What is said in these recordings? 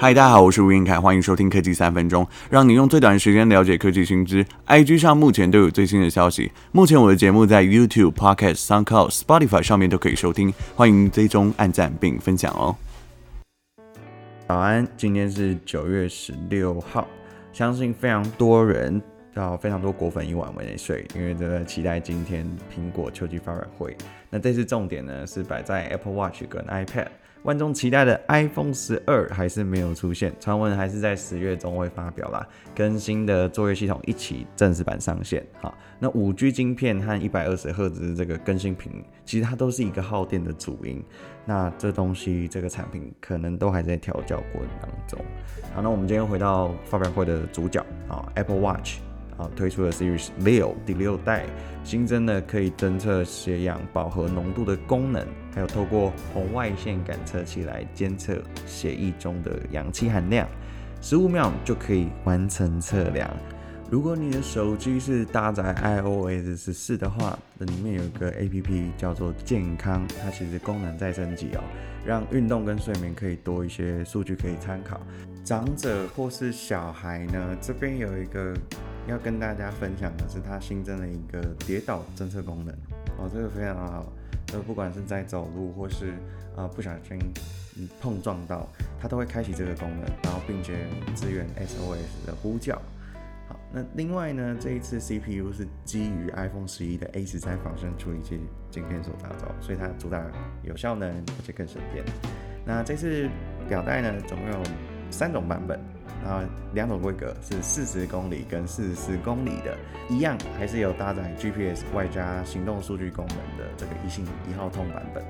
嗨，大家好，我是吳晏愷，歡迎收聽科技三分鐘，讓你用最短的時間了解科技新知。IG 上目前都有最新的消息。目前我的節目在 YouTube、Podcast、SoundCloud、Spotify 上面都可以收聽，歡迎追蹤、按讚並分享哦。早安，今天是九月十六號，相信非常多人到非常多果粉一晚沒睡，因為都在期待今天蘋果秋季發表會。那這次重點呢，是擺在 Apple Watch 跟 iPad。萬眾期待的 iPhone 十二還是沒有出現，傳聞還是在十月中會發表啦。更新的作業系統一起正式版上線。好，那五 G 晶片和一百二十赫茲這個更新頻率，其實它都是一個耗電的主因。那這東西，這個產品可能都還在調校過程當中。好，那我們今天又回到發表會的主角啊，Apple Watch。好，推出了 Series 六，第六代新增了可以偵測血氧飽和濃度的功能，還有透過紅外線感測器來監測血液中的氧氣含量，十五秒就可以完成測量。如果你的手機是搭載 iOS 十四的話，那裡面有一個 APP 叫做健康，它其實功能在升級哦，讓運動跟睡眠可以多一些數據可以參考。長者或是小孩呢，這邊有一個。要跟大家分享的是，它新增了一個跌倒偵測功能。哦，這個非常好，就是、不管是在走路或是啊、呃、不小心碰撞到，它都會開啟這個功能，然後並且支援 SOS 的呼叫。好，那另外呢，這一次 CPU 是基於 iPhone 11的 A13 仿生處理器晶片所打造，所以它主打有效能而且更省電。那這次錶帶呢，總共有三種版本。啊，兩種規格是四十公里跟四十四公里的，一樣還是有搭載 GPS 外加行動數據功能的這個一信一號通版本，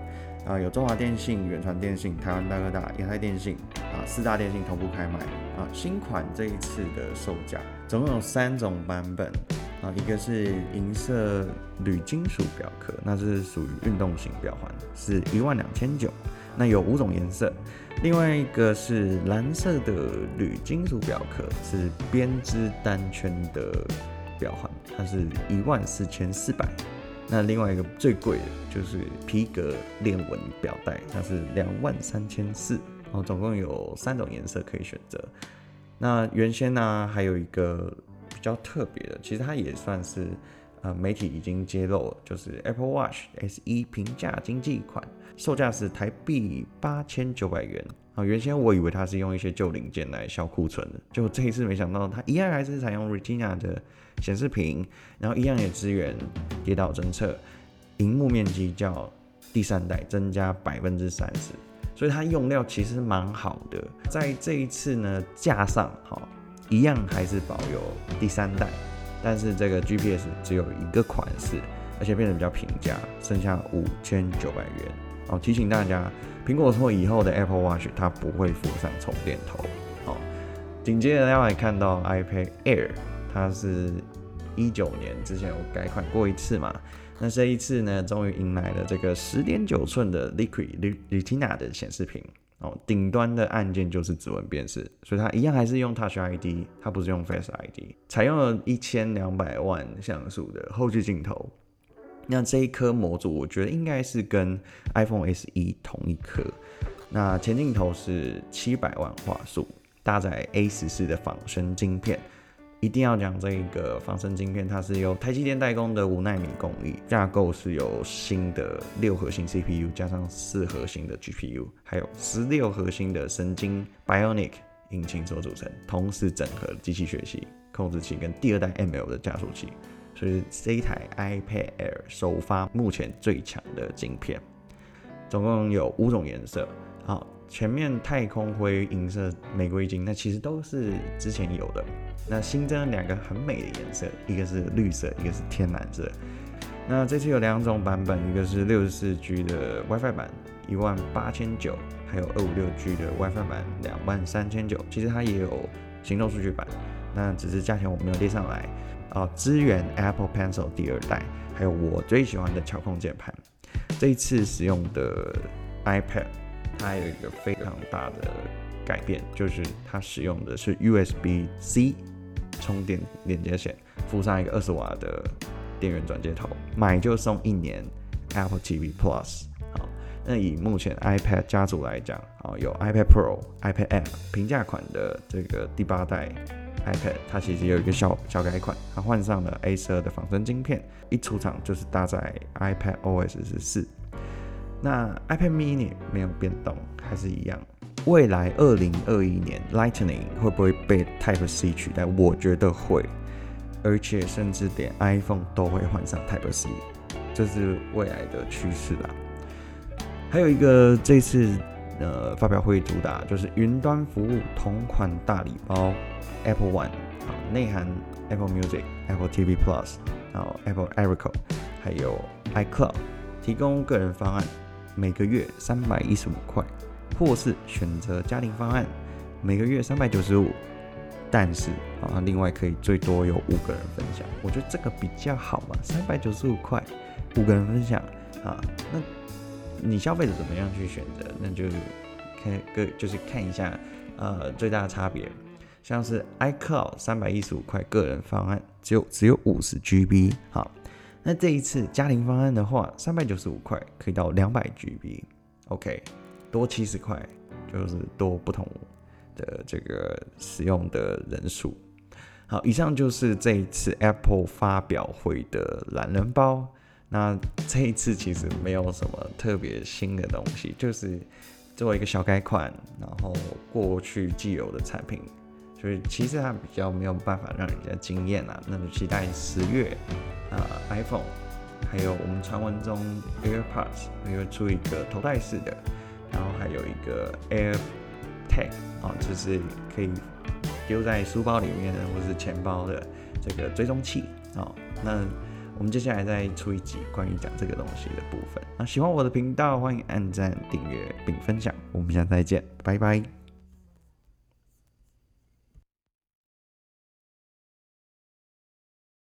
啊，有中華電信、遠傳電信、台灣大哥大、亞太電信，啊，四大電信同步開賣，啊，新款這一次的售價總共有三種版本，啊，一個是銀色鋁金屬錶殼，那是屬於運動型錶環，是一萬兩千九。那有五種顏色，另外一個是藍色的鋁金屬表殼，是編織單圈的表環，它是一萬四千四百。那另外一個最貴的就是皮革鏈紋表帶，它是兩萬三千四。哦，總共有三種顏色可以選擇。那原先呢、啊，還有一個比較特別的，其實它也算是。呃、嗯，媒體已經揭露了，就是 Apple Watch SE 平價經濟款，售價是台幣八千九百元。啊、哦，原先我以為它是用一些舊零件來消庫存的，就這一次沒想到它一樣還是採用 Retina 的顯示屏，然後一樣也支援跌倒偵測，屏幕面積較第三代增加百分之三十，所以它用料其實蠻好的。在這一次呢，架上哈、哦，一樣還是保有第三代。但是這個 GPS 只有一個款式，而且變得比較平價，剩下五千九百元。哦，提醒大家，蘋果說以後的 Apple Watch 它不會附上充電頭。哦，緊接着大家來看到 iPad Air，它是一九年之前有改款過一次嘛？那這一次呢，終於迎來了這個十點九寸的 Liquid Retina 的顯示屏。哦，頂端的按鍵就是指紋辨識，所以它一樣還是用 Touch ID，它不是用 Face ID，採用了一千兩百萬像素的後置鏡頭。那這一顆模組，我覺得應該是跟 iPhone SE 同一顆。那前鏡頭是七百萬畫素，搭載 A14 的仿生晶片。一定要講這個仿生晶片，它是由台積電代工的五納米工藝，架構是由新的六核心 CPU 加上四核心的 GPU，還有十六核心的神經 Bionic 引擎所組成，同時整合機器學習控制器跟第二代 ML 的加速器，所以這一台 iPad Air 首發目前最強的晶片，總共有五種顏色。好，前面太空灰、銀色、玫瑰金，那其實都是之前有的。那新增了兩個很美的顏色，一個是綠色，一個是天藍色。那這次有兩種版本，一個是六十四 G 的 WiFi 版，一萬八千九；還有二五六 G 的 WiFi 版，兩萬三千九。其實它也有行動數據版，那只是價錢我沒有列上來。啊，支援 Apple Pencil 第二代，還有我最喜歡的巧控鍵盤。這一次使用的 iPad。它有一個非常大的改變，就是它使用的是 USB C 充電連接線，附上一個二十瓦的電源轉接頭，買就送一年 Apple TV Plus 啊。那以目前 iPad 家族來講，啊，有 iPad Pro、iPad Air，平價款的這個第八代 iPad，它其實有一個小小改款，它換上了 A12 的仿生晶片，一出廠就是搭載 iPad OS 十四。那 iPad Mini 沒有變動，還是一樣。未來二零二一年 Lightning 會不會被 Type C 取代？我覺得會，而且甚至連 iPhone 都會換上 Type C，這是未來的趨勢啦。還有一個這次呃發表會主打，就是雲端服務同款大禮包 Apple One 啊，內含 Apple Music、Apple TV Plus，然、啊、後 Apple Arcade 還有 iCloud，提供個人方案。每個月三百一十五塊，或是選擇家庭方案，每個月三百九十五，但是啊，另外可以最多有五個人分享，我覺得這個比較好嘛，三百九十五塊，五個人分享啊，那你消費者怎麼樣去選擇？那就看個，就是看一下，呃，最大的差別，像是 iCloud 三百一十五塊個人方案，只有只有五十 GB 哈。那這一次家庭方案的話，三百九十五塊可以到兩百 GB，OK，okay, 多七十塊就是多不同的這個使用的人數。好，以上就是這一次 Apple 發表會的懶人包。那這一次其實沒有什麼特別新的東西，就是做一個小改款，然後過去既有的產品，所以其實它比較沒有辦法讓人家驚艷啊。那就期待十月。啊，呃，iPhone，還有我們傳聞中 AirPods，也會出一個頭戴式的，然後還有一個 AirTag，哦，就是可以丟在書包裡面或是錢包的這個追蹤器，哦。那我們接下來再出一集關於講這個東西的部分。啊，喜歡我的頻道，歡迎按讚、訂閱並分享。我們下次再見，拜拜。